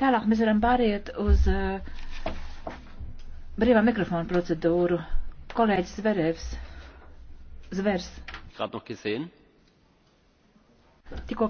Tālāk mēs varam pāriet uz uh, brīvā mikrofona procedūru. Kolēģis Zverevs. Zvers. Gerade noch gesehen?